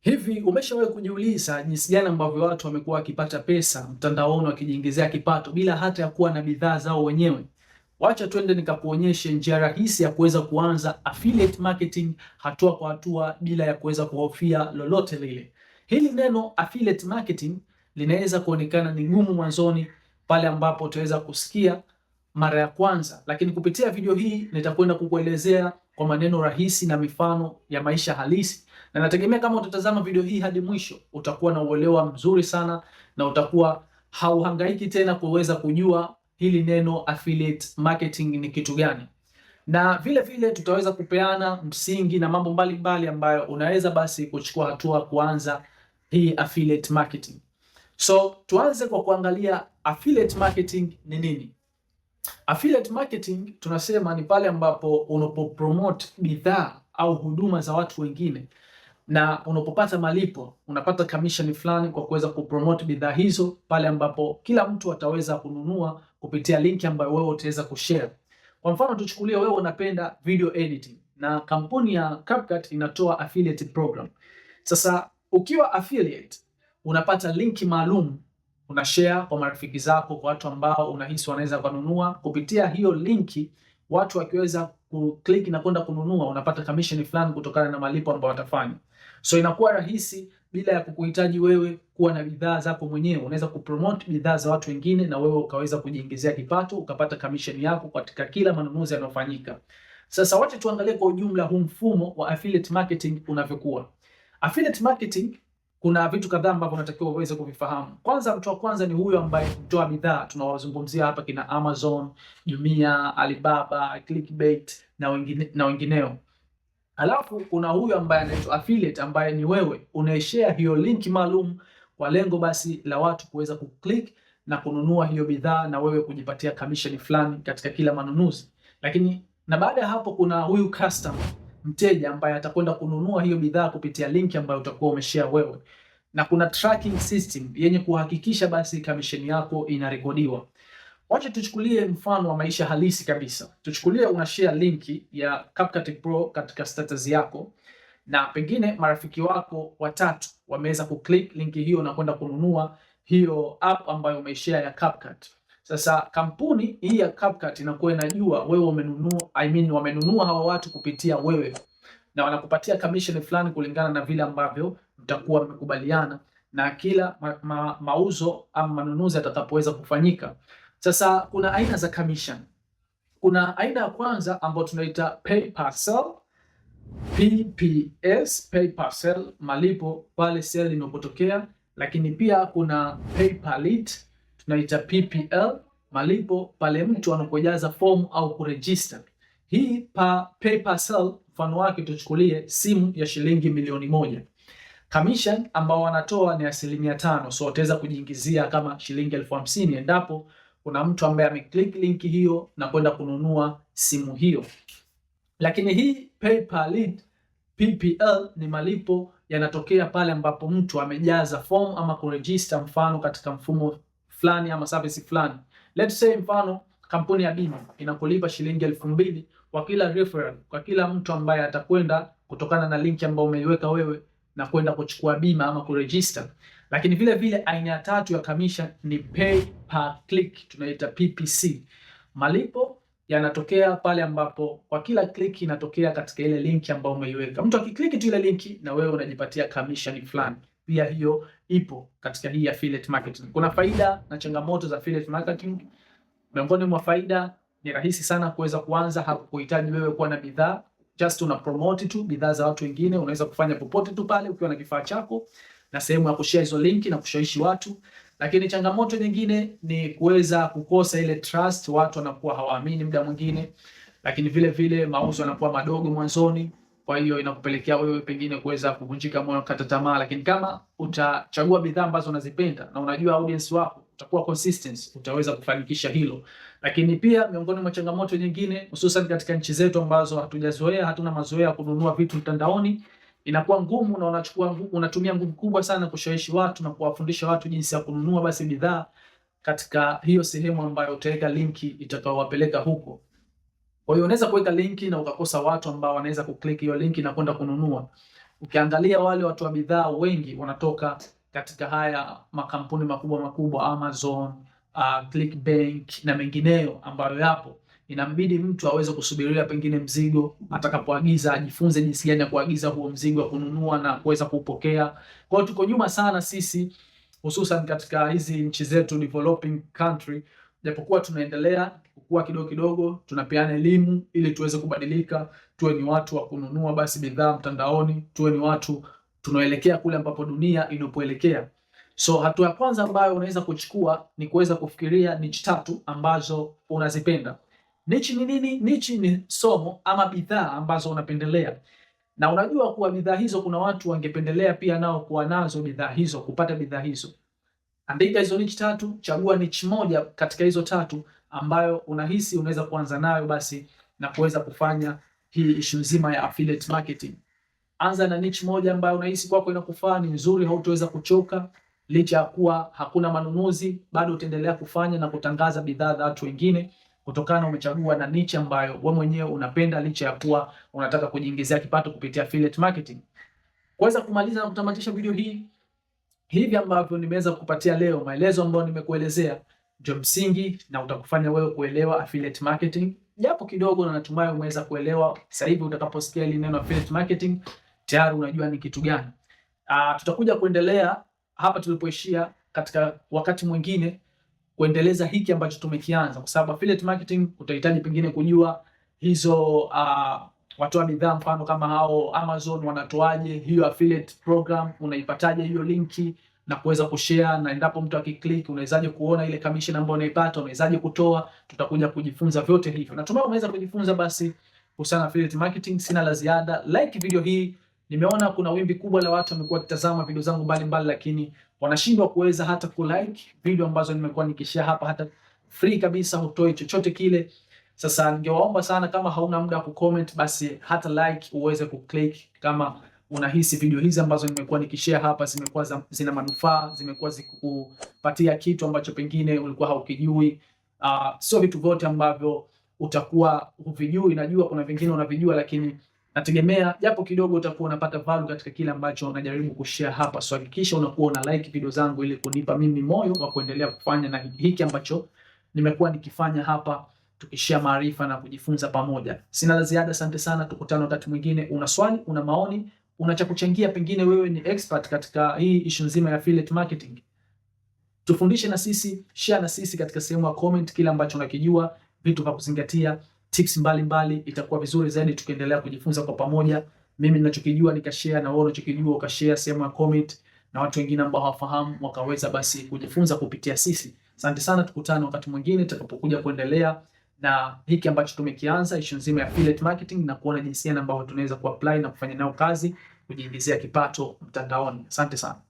Hivi umeshawahi kujiuliza jinsi gani ambavyo watu wamekuwa wakipata pesa mtandaoni wakijiingizia kipato bila hata ya kuwa na bidhaa zao wenyewe? Wacha twende nikakuonyeshe njia rahisi ya kuweza kuanza affiliate marketing hatua kwa hatua bila ya kuweza kuhofia lolote lile. Hili neno affiliate marketing linaweza kuonekana ni ngumu mwanzoni pale ambapo utaweza kusikia mara ya kwanza, lakini kupitia video hii nitakwenda kukuelezea kwa maneno rahisi na mifano ya maisha halisi na nategemea kama utatazama video hii hadi mwisho utakuwa na uelewa mzuri sana na utakuwa hauhangaiki tena kuweza kujua hili neno affiliate marketing ni kitu gani, na vile vile tutaweza kupeana msingi na mambo mbalimbali mbali ambayo unaweza basi kuchukua hatua kuanza hii affiliate marketing. So tuanze kwa kuangalia affiliate marketing ni nini. Affiliate marketing tunasema ni pale ambapo unapopromote bidhaa au huduma za watu wengine na unapopata malipo unapata commission fulani kwa kuweza kupromote bidhaa hizo pale ambapo kila mtu ataweza kununua kupitia linki ambayo wewe utaweza kushare. Kwa mfano tuchukulie wewe unapenda video editing na kampuni ya CapCut inatoa affiliate program. Sasa ukiwa affiliate unapata linki maalum una share kwa marafiki zako, kwa watu ambao unahisi wanaweza kununua kupitia hiyo linki. Watu wakiweza kuklik na kwenda kununua, unapata commission fulani kutokana na malipo ambayo watafanya. So inakuwa rahisi bila ya kukuhitaji wewe kuwa na bidhaa zako mwenyewe. Unaweza kupromote bidhaa za watu wengine na wewe ukaweza kujiingizia kipato, ukapata commission yako katika kila manunuzi yanayofanyika. Sasa wacha tuangalie kwa ujumla huu mfumo wa affiliate marketing unavyokuwa. Affiliate marketing kuna vitu kadhaa ambavyo unatakiwa uweze kuvifahamu. Kwanza, mtu wa kwanza ni huyo ambaye mtoa bidhaa, tunawazungumzia hapa kina Amazon, Jumia, Alibaba, Clickbait na wengine, na wengineo. Halafu kuna huyu ambaye anaitwa affiliate ambaye ni wewe unaeshare hiyo link maalum kwa lengo basi la watu kuweza kuclick na kununua hiyo bidhaa na wewe kujipatia commission fulani katika kila manunuzi. Lakini na baada ya hapo kuna huyu customer, mteja ambaye atakwenda kununua hiyo bidhaa kupitia link ambayo utakuwa umeshare wewe. Na kuna tracking system yenye kuhakikisha basi commission yako inarekodiwa. Wacha tuchukulie mfano wa maisha halisi kabisa. Tuchukulie una share linki ya CapCut Pro katika status yako, na pengine marafiki wako watatu wameweza kuclick linki hiyo na kwenda kununua hiyo app ambayo umeshare ya CapCut. Sasa kampuni hii ya CapCut inakuwa inajua wewe umenunua, I mean, wamenunua hawa watu kupitia wewe na wanakupatia commission fulani kulingana na vile ambavyo mtakuwa mmekubaliana na kila ma ma mauzo ama manunuzi atakapoweza kufanyika. Sasa kuna aina za commission. Kuna aina ya kwanza ambayo tunaita pay parcel, PPS, pay parcel, malipo pale sale inapotokea, lakini pia kuna pay lead tunaita PPL, malipo pale mtu anapojaza form au kuregister. Hii pa pay parcel mfano wake tuchukulie simu ya shilingi milioni moja. Commission ambao wanatoa ni asilimia tano, so wataweza kujiingizia kama shilingi elfu hamsini endapo kuna mtu ambaye ameclick link hiyo na kwenda kununua simu hiyo. Lakini hii pay lead PPL ni malipo yanatokea pale ambapo mtu amejaza form ama kuregister mfano katika mfumo fulani ama service fulani. Let's say mfano kampuni ya bima inakulipa shilingi elfu mbili kwa kila referral, kwa kila mtu ambaye atakwenda kutokana na linki ambayo umeiweka wewe na kwenda kuchukua bima ama kuregister. Lakini vile vile aina ya tatu ya kamisha ni pay per click, tunaita PPC. Malipo yanatokea pale ambapo kwa kila click inatokea katika ile linki ambayo umeiweka. Mtu akiklik tu ile linki, na wewe unajipatia commission fulani. Pia hiyo ipo katika hii affiliate marketing. Kuna faida na changamoto za affiliate marketing. Miongoni mwa faida ni rahisi sana kuweza kuanza, hakuhitaji wewe kuwa na bidhaa, just una promote tu bidhaa za watu wengine. Unaweza kufanya popote tu pale ukiwa na kifaa chako na sehemu ya kushare hizo linki na kushawishi watu. Lakini changamoto nyingine ni kuweza kukosa ile trust, watu wanakuwa hawaamini muda mwingine, lakini vile vile mauzo yanakuwa madogo mwanzoni, kwa hiyo inakupelekea wewe pengine kuweza kuvunjika moyo, kata tamaa. Lakini kama utachagua bidhaa ambazo unazipenda na unajua audience wako, utakuwa consistent, utaweza kufanikisha hilo. Lakini pia miongoni mwa changamoto nyingine, hususan katika nchi zetu ambazo hatujazoea, hatuna mazoea ya kununua vitu mtandaoni inakuwa ngumu na unachukua unatumia nguvu kubwa sana kushawishi watu na kuwafundisha watu jinsi ya kununua basi bidhaa katika hiyo sehemu ambayo utaweka linki itakayowapeleka huko. Kwa hiyo unaweza kuweka linki na ukakosa watu ambao wanaweza kuklik hiyo linki na kwenda kununua. Ukiangalia wale watu wa bidhaa wengi wanatoka katika haya makampuni makubwa makubwa Amazon, uh, Clickbank na mengineyo ambayo yapo inambidi mtu aweze kusubiria pengine mzigo atakapoagiza, ajifunze jinsi gani ya kuagiza huo mzigo wa kununua na kuweza kupokea. Kwa hiyo tuko nyuma sana sisi, hususan katika hizi nchi zetu developing country, japokuwa tunaendelea kukua kidogo kidogo, tunapeana elimu ili tuweze kubadilika, tuwe ni watu wa kununua basi bidhaa mtandaoni, tuwe ni watu tunaelekea kule ambapo dunia inapoelekea. So hatua ya kwanza ambayo unaweza kuchukua ni kuweza kufikiria niche tatu ambazo unazipenda. Nichi ni nini? Nichi ni somo ama bidhaa ambazo unapendelea, na unajua kuwa bidhaa hizo kuna watu wangependelea pia nao kuwa nazo bidhaa hizo, kupata bidhaa hizo. Andika hizo nichi tatu, chagua nichi moja katika hizo tatu ambayo unahisi unaweza kuanza nayo basi na kuweza kufanya hii ishu nzima ya affiliate marketing. Anza na nichi moja ambayo unahisi kwako inakufaa, ni nzuri, hautoweza kuchoka licha ya kuwa hakuna manunuzi, bado utaendelea kufanya na kutangaza bidhaa za watu wengine kutokana umechagua na niche ambayo wewe mwenyewe unapenda, licha ya kuwa unataka kujiingizia kipato kupitia affiliate marketing. Kuweza kumaliza na kutamatisha video hii, hivi ambavyo nimeweza kukupatia leo, maelezo ambayo nimekuelezea ndio msingi na utakufanya wewe kuelewa affiliate marketing japo kidogo, na natumai umeweza kuelewa. Sasa hivi utakaposikia hili neno affiliate marketing tayari unajua ni kitu gani. Uh, tutakuja kuendelea hapa tulipoishia katika wakati mwingine kuendeleza hiki ambacho tumekianza, kwa sababu affiliate marketing utahitaji pengine kujua hizo uh, watoa bidhaa mfano kama hao Amazon wanatoaje hiyo affiliate program, unaipataje hiyo linki na kuweza kushare, na endapo mtu akiklik, unawezaje kuona ile commission ambayo unaipata, unawezaje kutoa. Tutakuja kujifunza vyote hivyo. Natumai umeweza kujifunza basi kuhusiana affiliate marketing. Sina la ziada, like video hii Nimeona kuna wimbi kubwa la watu wamekuwa wakitazama video zangu mbalimbali, lakini wanashindwa kuweza hata kulike video ambazo nimekuwa nikishare hapa, hata free kabisa, hutoi chochote kile. Sasa ningewaomba sana, kama hauna muda wa kucomment, basi hata like uweze kuclick kama unahisi video hizi ambazo nimekuwa nikishare hapa zimekuwa zina manufaa, zimekuwa zikupatia kitu ambacho pengine ulikuwa haukijui. Uh, sio vitu vyote ambavyo utakuwa huvijui. Najua kuna vingine unavijua, lakini nategemea japo kidogo utakuwa unapata value katika kile ambacho unajaribu kushare hapa. So hakikisha unakuwa una like video zangu ili kunipa mimi moyo wa kuendelea kufanya na hiki ambacho nimekuwa nikifanya hapa tukishare maarifa na kujifunza pamoja. Sina la ziada, asante sana, tukutane wakati mwingine. Una swali, una maoni, una cha kuchangia, pengine wewe ni expert katika hii issue nzima ya affiliate marketing, tufundishe na sisi, share na sisi katika sehemu ya comment kile ambacho unakijua, vitu vya kuzingatia tips mbalimbali mbali. Itakuwa vizuri zaidi tukiendelea kujifunza kwa pamoja, mimi ninachokijua nikashare na wewe unachokijua ukashare sehemu ya comment, na watu wengine ambao hawafahamu wakaweza basi kujifunza kupitia sisi. Asante sana, tukutane wakati mwingine tutakapokuja kuendelea na hiki ambacho tumekianza, ishu nzima ya affiliate marketing na kuona jinsi gani ambavyo tunaweza kuapply na kufanya nayo kazi kujiingizia kipato mtandaoni. Asante sana.